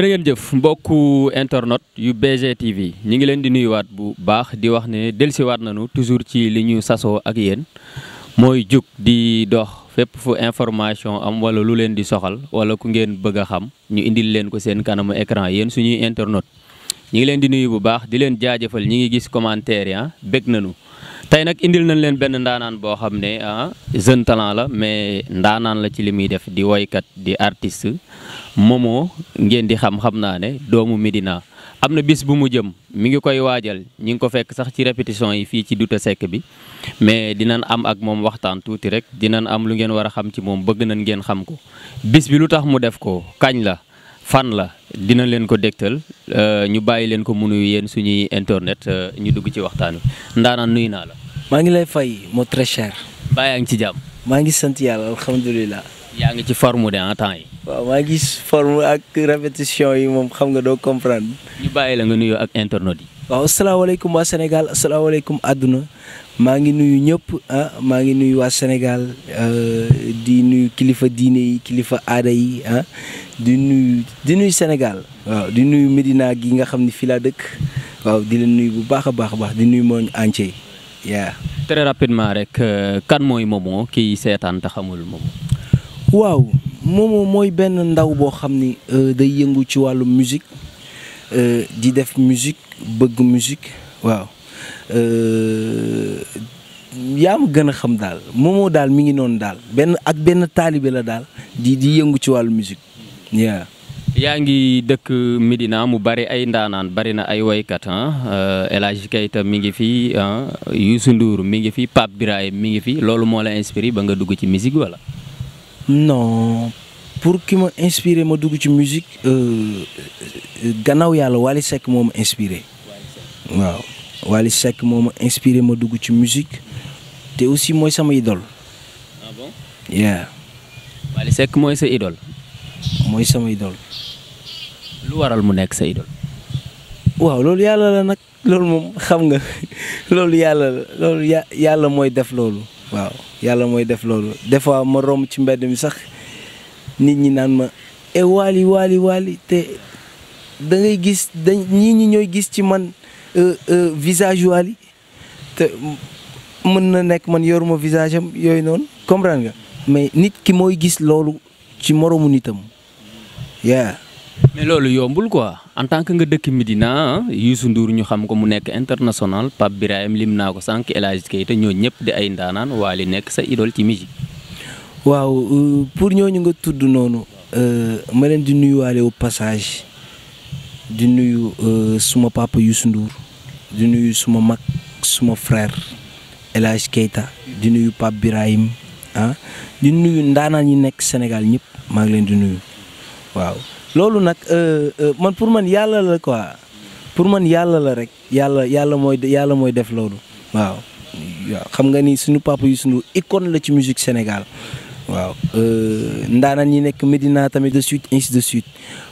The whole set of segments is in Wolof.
jërë ngeen jëf mbokku internet yu BG TV ñu ngi leen di nuyuwaat bu baax di wax ne dellusiwaat nañu toujours ci li ñu sasoo ak yéen mooy jug di dox fépp fu information am wala lu leen di soxal wala ku ngeen bëgg a xam ñu indil leen ko seen kanamu écran yéen suñuy internet ñu ngi leen di nuyu bu baax di leen jaajëfal ñi ngi gis commentaire ya ah, bég nañu. tey nag indil nañ leen benn ndaanaan boo xam ne ah jeune talent la mais ndaanaan la ci li muy def di woykat di artiste Momo ngeen di xam xam naa ne doomu Medina am na bis bu mu jëm mi ngi koy waajal ñu ngi ko fekk sax ci répétition yi fii ci Douta Seck bi mais dinañ am ak moom waxtaan tuuti rek dinañ am lu ngeen war a xam ci moom bëgg nañ ngeen xam ko bis bi lu tax mu def ko kañ la fan la dina leen ko dégtal euh, ñu bàyyi leen ko mu nuyu yéen suñuy internet euh, ñu dugg ci waxtaan wi ndaanaan nuyu la. maa ngi lay fay moo très cher. baa ngi ci jàmm. maa ngi sant yàlla alhamdulilah. yaa ngi ci forme de en temps yi. waaw maa ngi forme ak répétition yi moom xam nga doo comprendre. ñu bàyyi la nga nuyoo ak internautes yi. waaw asalaamaaleykum waa Sénégal asalaamaaleykum àdduna maa ngi nuyu ñëpp ah maa ngi nuyu waa Sénégal euh, di nuyu kilifa diine yi kilifa aada yi ah di nuyu di nuyu Sénégal. waaw di nuyu Medina gi nga xam ni fii laa dëkk waaw di leen nuyu bu baax a baax a baax di nuyu mooñ entier. yeah. très rapidement rek euh, kan mooy Momo kii seetaan te xamul Momo. waaw Momo mooy benn ndaw boo xam ni euh, day yëngu ci wàllu musique euh, di def musique bëgg musique waaw yaa ma gën a xam daal Momo daal mi ngi noonu daal benn ak benn taalibe la daal di di yëngu ci wàllu musique waaw. yaa ngi dëkk Médina mu bari ay ndaanaan bari na ay woykat ah euh, El Hadj Keita mi ngi fi ah Youssou Ndour mi ngi fi Pape Birahim mi ngi fi loolu moo la inspiré ba nga dugg ci musique wala. non pour ki ma inspiré ma dugg ci musique euh, gannaaw yàlla Wally Seck moo ma waaw Wally Seck moo ma dugg ci musique te aussi mooy sama idole. ah bon. yeah. mooy sa idol mooy sama idole. lu waral mu nekk sa waaw loolu yàlla la nag loolu moom xam nga loolu yàlla la loolu yàlla mooy def loolu. waaw yàlla mooy def loolu des fois ma romb ci mbedd mi sax nit ñi naan ma e eh, waali waali waali te dangay gis dañ ñii ñi ñooy gis ci man euh, euh, visage waali te mën na nekk man yoruma visage yooyu noonu comprendre nga mais nit ki mooy gis loolu ci moroomu nitam. yeah. mais loolu yombul quoi en tant que nga dëkk Medina Youssou Ndour ñu xam ko mu nekk international Pape Birahim lim naa ko sànq El Hadj Keita ñoo ñëpp di ay ndaanaan waa li nekk sa idole ci musique. waaw euh, pour ñu nga tudd noonu. Euh, ma leen di nuyuwaale au passage di nuyu euh, suma papa Youssou nduur di nuyu suma mag suma frère El Hadj di nuyu Pape Birahim ah, di nuyu ndaanaan yi nekk Sénégal ñëpp maa ngi leen di nuyu. waaw loolu nag euh, euh, man pour man yàlla la ko pour man yàlla la rek yàlla yàlla mooy yàlla mooy def loolu waaw. waaw xam nga ni suñu papa yu suñu icône la ci musique Sénégal waaw euh, ndaanaan yi nekk Medina tamit de suite ainsi de suite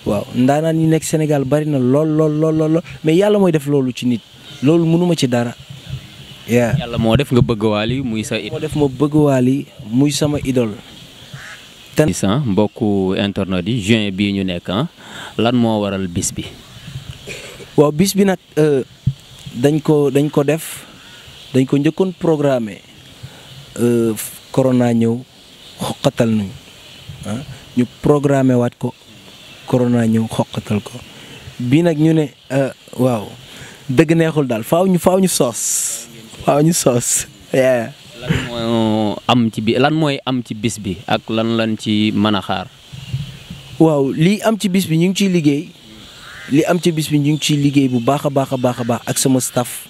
waaw ndaanaan yi nekk Sénégal bari na lool lool lool mais yàlla mooy def loolu ci nit loolu mënuma ci dara. yàlla moo def nga bëgg Wally muy sa idole moo def ma bëgg Wally muy sama idole. ten mbokku internet yi juin bii ñu nekk lan moo waral bis bi waaw bis bi nag euh, dañ ko dañ ko def dañ ko njëkkoon programmé euh, corona ñëw xoqatal nañu ah ñu programmé waat ko corona ñëw xoqatal ko bii nag ñu ne euh, waaw dëgg neexul daal faaw ñu faaw ñu soos faaw ñu soos am ci bi lan mooy am ci bis bi ak lan lan ci mën a xaar. waaw lii am ci bis bi ñu ngi ciy liggéey li am ci bis bi ñu ngi ciy liggéey bu baax a baax a baax a baax ak sama staff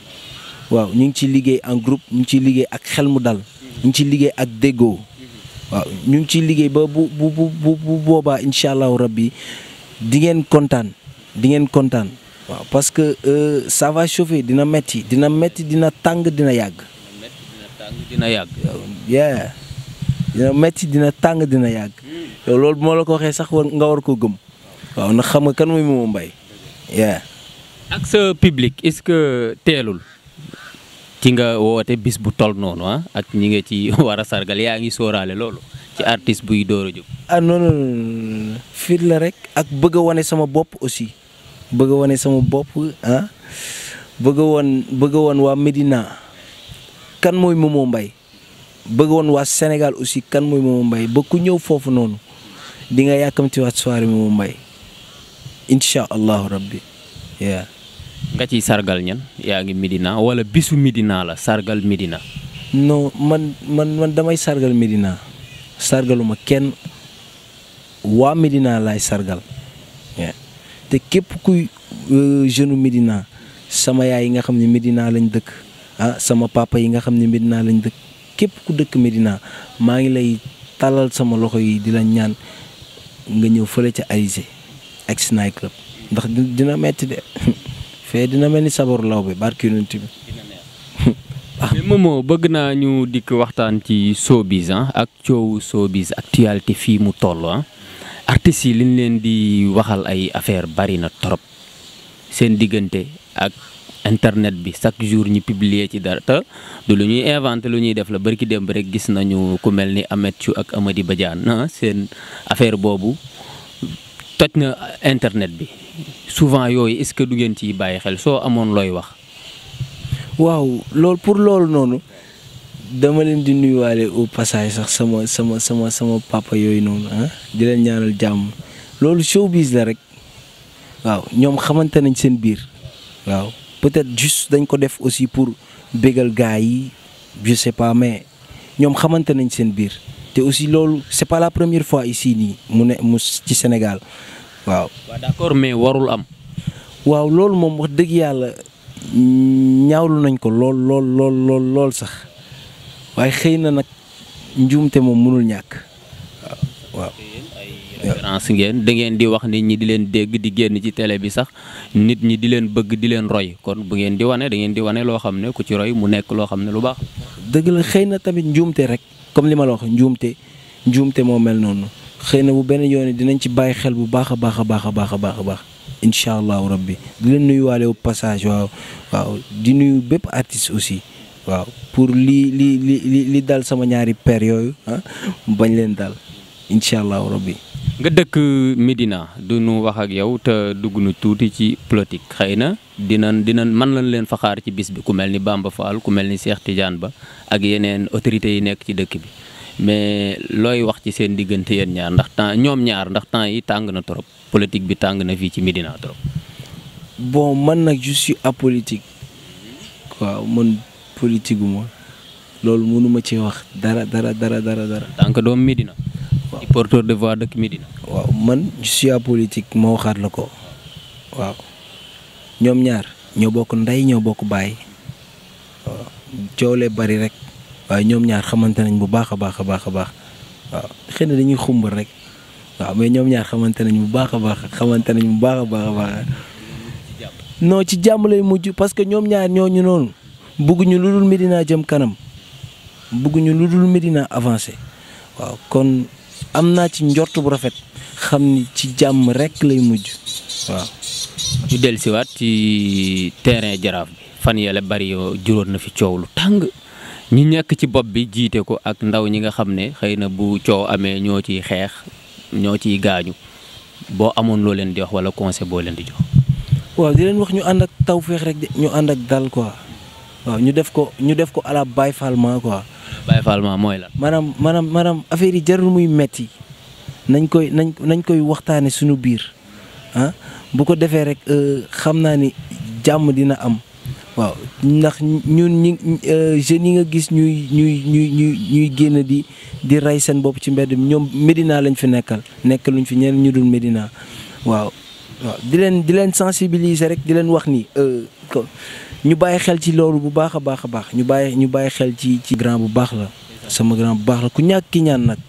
waaw ñu ngi ciy liggéey en groupe ñu ngi ciy liggéey ak xel mu dal ñu ngi ciy liggéey ak déggoo waaw ñu ngi ciy liggéey ba bu bu bu bu boobaa incha allahu rabbi di ngeen kontaan di ngeen kontaan. waaw parce que euh, ça va chauffer dina metti dina metti dina tàng dina yàgg. dina yàgg. yeah dina metti dina tàng dina yàgg. Hmm. yow loolu moo la ko waxee sax war nga war ko gëm. waaw ndax xam nga kan mooy Momo Mbaye. yeah. ak sa public est-ce que teelul. ci nga woote bis bu tol noonu ah ak ñi nga ci war a sargal yaa ngi sooraale loolu ci artiste buy door a jóg. Ah, la rek ak bëgg wane sama bopp aussi bëgg wane sama bopp ah bëgg waa Medina. kan mooy Momo Mbaye bëggoon waa Sénégal aussi kan mooy Momo mbay ba ku ñëw foofu noonu di nga yàkkamti waat soirée Momo Mbaye incha allahu rabbi yaa nga ciy sargal ñan yaa ngi Medina wala bisu Medina la sargal Medina. non man man man damay sargal Medina sargaluma kenn waa Medina laay sargal te képp kuy euh, jeune Medina sama yaay yi nga xam ne Medina lañ dëkk. ah sama papa yi nga xam ne naa lañu dëkk képp ku dëkk Medina maa ngi lay talal sama loxo yi di la ñaan nga ñëw fële ci Alizé ak Sinaay club ndax dina metti de fee dina mel ni sabaru law bi barki bi mais Momo bëgg naa ñu dikk waxtaan ci showbiz ah, ak coowu showbiz actualité fii mu toll ah artistes yi liñ leen di waxal ay affaire bari na trop seen diggante ak internet bi chaque jour ñi publier ci dara te du lu ñuy inventé lu ñuy def la barki démb rek gis nañu ku mel ni Ameth Thiou ak Amady Badiane ah, seen affaire boobu toj na internet bi souvent yooyu est-ce que du ngeen ciy bàyyi xel soo amoon looy wax. waaw loolu pour loolu noonu dama leen di nuyuwaale au passage sax sama sama sama sama papa yooyu noonu ah di leen ñaanal jàmm loolu showbiz la rek waaw ñoom xamante nañ seen biir waaw. peut-être juste dañ ko def aussi pour bégal gars yi je sais pas mais ñoom xamante nañ seen biir te aussi loolu c'est pas la première fois ici nii mu ne mu ci Sénégal waaw. waaw d'accord mais warul am. waaw loolu moom wax dëgg yàlla ñaawlu nañ ko lool lool lool sax waaye xëy na nag njuumte moom mënul ñàkk waaw. référence ngeen da ngeen di wax nit ñi di leen dégg di génn ci télé bi sax nit ñi di leen bëgg di leen roy kon bu ngeen di wane da ngeen di wane loo xam ne ku ci roy mu nekk loo xam ne lu baax. dëgg la xëy na tamit njuumte rek comme li ma la wax njuumte njuumte moo mel noonu xëy na bu benn yoon dinañ ci bàyyi xel bu baax a baax a baax a baax a baax baax incha allahu rabbi di leen nuyuwaale au passage waaw waaw di nuyu bépp artiste aussi. waaw pour li li li li dal sama ñaari père yooyu ah bañ leen dal incha allahu rabbi nga dëkk Médina dunu wax ak yow te dugg nu tuuti ci politique xëy na dina dinañ man lañ leen fa xaar ci bis bi ku mel ni Bamba Fall ku mel ni Cheikh Tidiane Ba ak yeneen autorités yi nekk ci dëkk bi mais looy wax ci seen diggante yéen ñaar ndax temps ñoom ñaar ndax temps yi tàng na trop politique bi tàng na fii ci Médina trop. bon man nag je suis waaw man politique loolu mënu ci wax dara dara dara dara dara. doom Médina. waaw porteur de de dëkk Médina. waaw man je suis moo waxaat la ko waaw ñoom ñaar ñoo bokk ndey ñoo bokk baay waaw coolee bari rek waaye ñoom ñaar xamante nañ bu baax a baax a baax a baax waaw xëy na dañuy xumbal rek waaw mais ñaar xamante nañ bu baax a baax xamante nañ bu baax a baax a baax ci jàmm lay mujj parce que ñoom ñaar ñoo ñu noonu bëgguñu lu dul Médina jëm kanam bëgguñu lu dul Médina avancé waaw kon. am naa ci njort bu rafet xam ni ci jàmm rekk lay mujj waaw. ñu dellu siwaat ci terrain jaraaf bi fan yële bari yoo juróon na fi coow lu tàng ñi nekk ci bopp bi jiite ko ak ndaw ñi nga xam ne xëy na bu coow amee ñoo ciy xeex ñoo ciy gaañu boo amoon loo leen di wax wala conseil boo leen di jox. waaw di leen wax ñu ànd ak tawféex rek ñu ànd ak dal quoi waaw ñu def ko ñu def ko à la Baye Fall Baye Fall ma mooy lan. maanaam maanaam maanaam affaire yi jarul muy metti nañ koy nañ nañ koy waxtaanee suñu biir ah, bu ko defee rek euh, xam naa ni jàmm dina am waaw ndax ñun ñi euh, jeunes yi nga gis ñuy ñuy ñuy ñuy ñuy génn di di rey seen bopp ci mbedd ñoom Medina lañ fi nekkal nekk luñ fi ñeneen ñu dul Medina waaw di leen di leen sensibiliser rek di leen wax ni. Euh, ñu bàyyi xel ci loolu bu baax a baax a baax ñu bàyyi ñu bàyyi xel ci ci grand bu baax la sama grand bu baax la ku ñàkk ki ñaan nag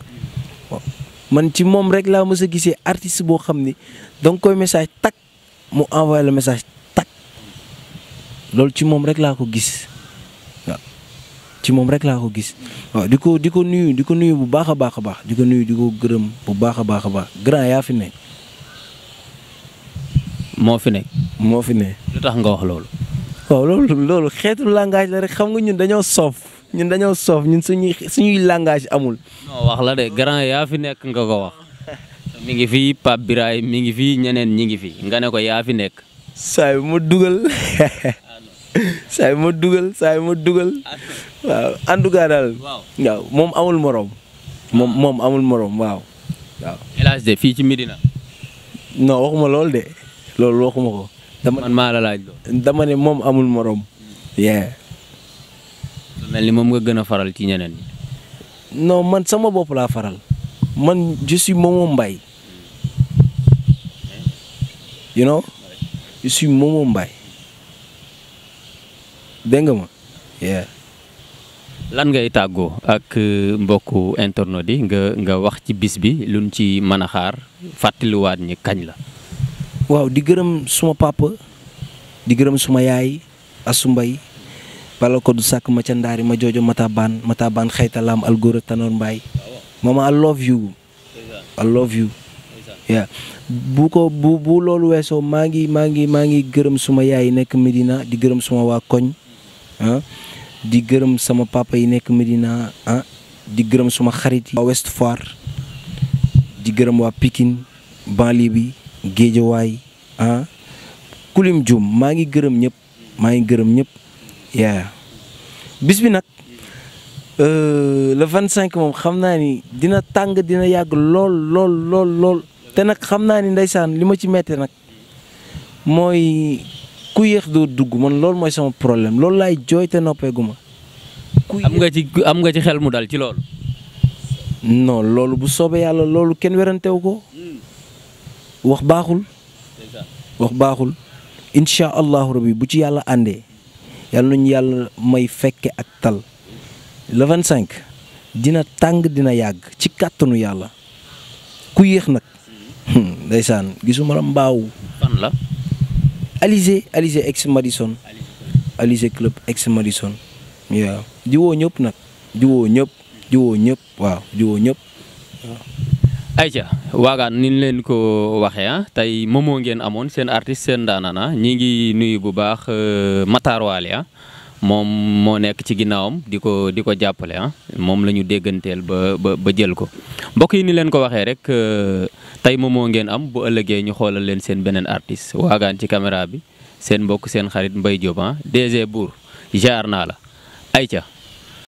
man ci moom rek laa mës a gisee artiste boo xam ni da koy message tak mu envoyé le message tak loolu ci moom rek laa ko gis waaw moom rek laa ko gis waaw di ko di ko nuyu di ko nuyu bu baax a baax a baax di ko nuyu di ko gërëm bu baax a baax a baax grand yaa fi nekk. moo fi nekk. moo fi ne lu tax nga wax loolu. waaw loolu loolu xeetu langage la rek xam nga ñun dañoo soof ñun dañoo soof ñun suñuy suñuy langage amul. non wax la de grand yaa fi nekk nga ko wax. mi ngi fi Pape Biraye mi ngi fi ñeneen ñi ngi fi nga ne ko yaa fi nekk. saa yu ma dugal saa yu ma dugal saa yu ma dugal waaw en tout cas daal. waaw moom amul morom. moom moom amul morom waaw. waaw El Hadj de fii ci Medina. non waxuma lool de loolu waxuma ko. dama man la laaj loolu dama ne moom amul morom. yee. mel ni moom nga gën a faral ci ñeneen ñi. non man sama bopp laa faral. man je suis mbay Mbaye. you know je suis ma. yee. lan ngay tàggoo ak euh, mbokku internautes yi nga nga wax ci bis bi luñ ci mën a xaar fàttaliwaat ñi kañ la. waaw di gërëm suma papa di gërëm suma yaay Assou Mbaye bala ko du sàkk ma ca ma joojo mata baan mata baan xayta laam algóora I love you bu ko bu loolu weesoo maa ngi maa ngi maa ngi gërëm suma yaay yi nekk Medina di gërëm suma waa koñ ah, di gërëm sama papa yi nekk Medina ah di gërëm suma xarit yi West Foire di gërëm waa Pikine banlieue géejawaay ah kulim jum maa ngi gërëm ñëpp maa ngi gërëm ñëpp yaa bis bi nag euh, le vingt cinq moom xam naa ni dina tàng dina yàgg lool lool lool te nag xam naa ni ndeysaan li ma ci metti nag mooy ku yéex doo dugg man loolu mooy sama problème loolu laay jooy te noppeegu ma am nga ci am nga ci xel mu dal ci loolu non loolu bu soobee yàlla loolu kenn werantewu ko wax baaxul wax baaxul incha allahu rabi bu ci yàlla àndee yàlla nañu yàlla may fekke ak tal le vingt cinq dina tàng dina yàgg ci kàttanu yàlla ku yéex nag hmm, ndeysaan gisuma la mbaaw fan la Alizé Alizé ex Madison Alizé club ex Madison waaw di woo ñëpp nag di woo ñëpp di ñëpp waaw di ñëpp Aïcha waagaan ni ñu leen ko waxee ah tey moomoo ngeen amoon seen artiste seen daanana ah, ñi ngi nuyu bu baax euh, Matar Wale ah, moom moo nekk ci ginnaawam di ko di ko jàppale ah moom la ñu dégganteel ba ba ba jël ko mbokk yi ni leen ko waxee rek euh, tey moomoo ngeen am bu ëllëgee ñu xoolal leen seen beneen artiste waagaan ci caméra bi seen mbokk seen xarit Mbaye Diop ah DG Bour jaar naa la Aïcha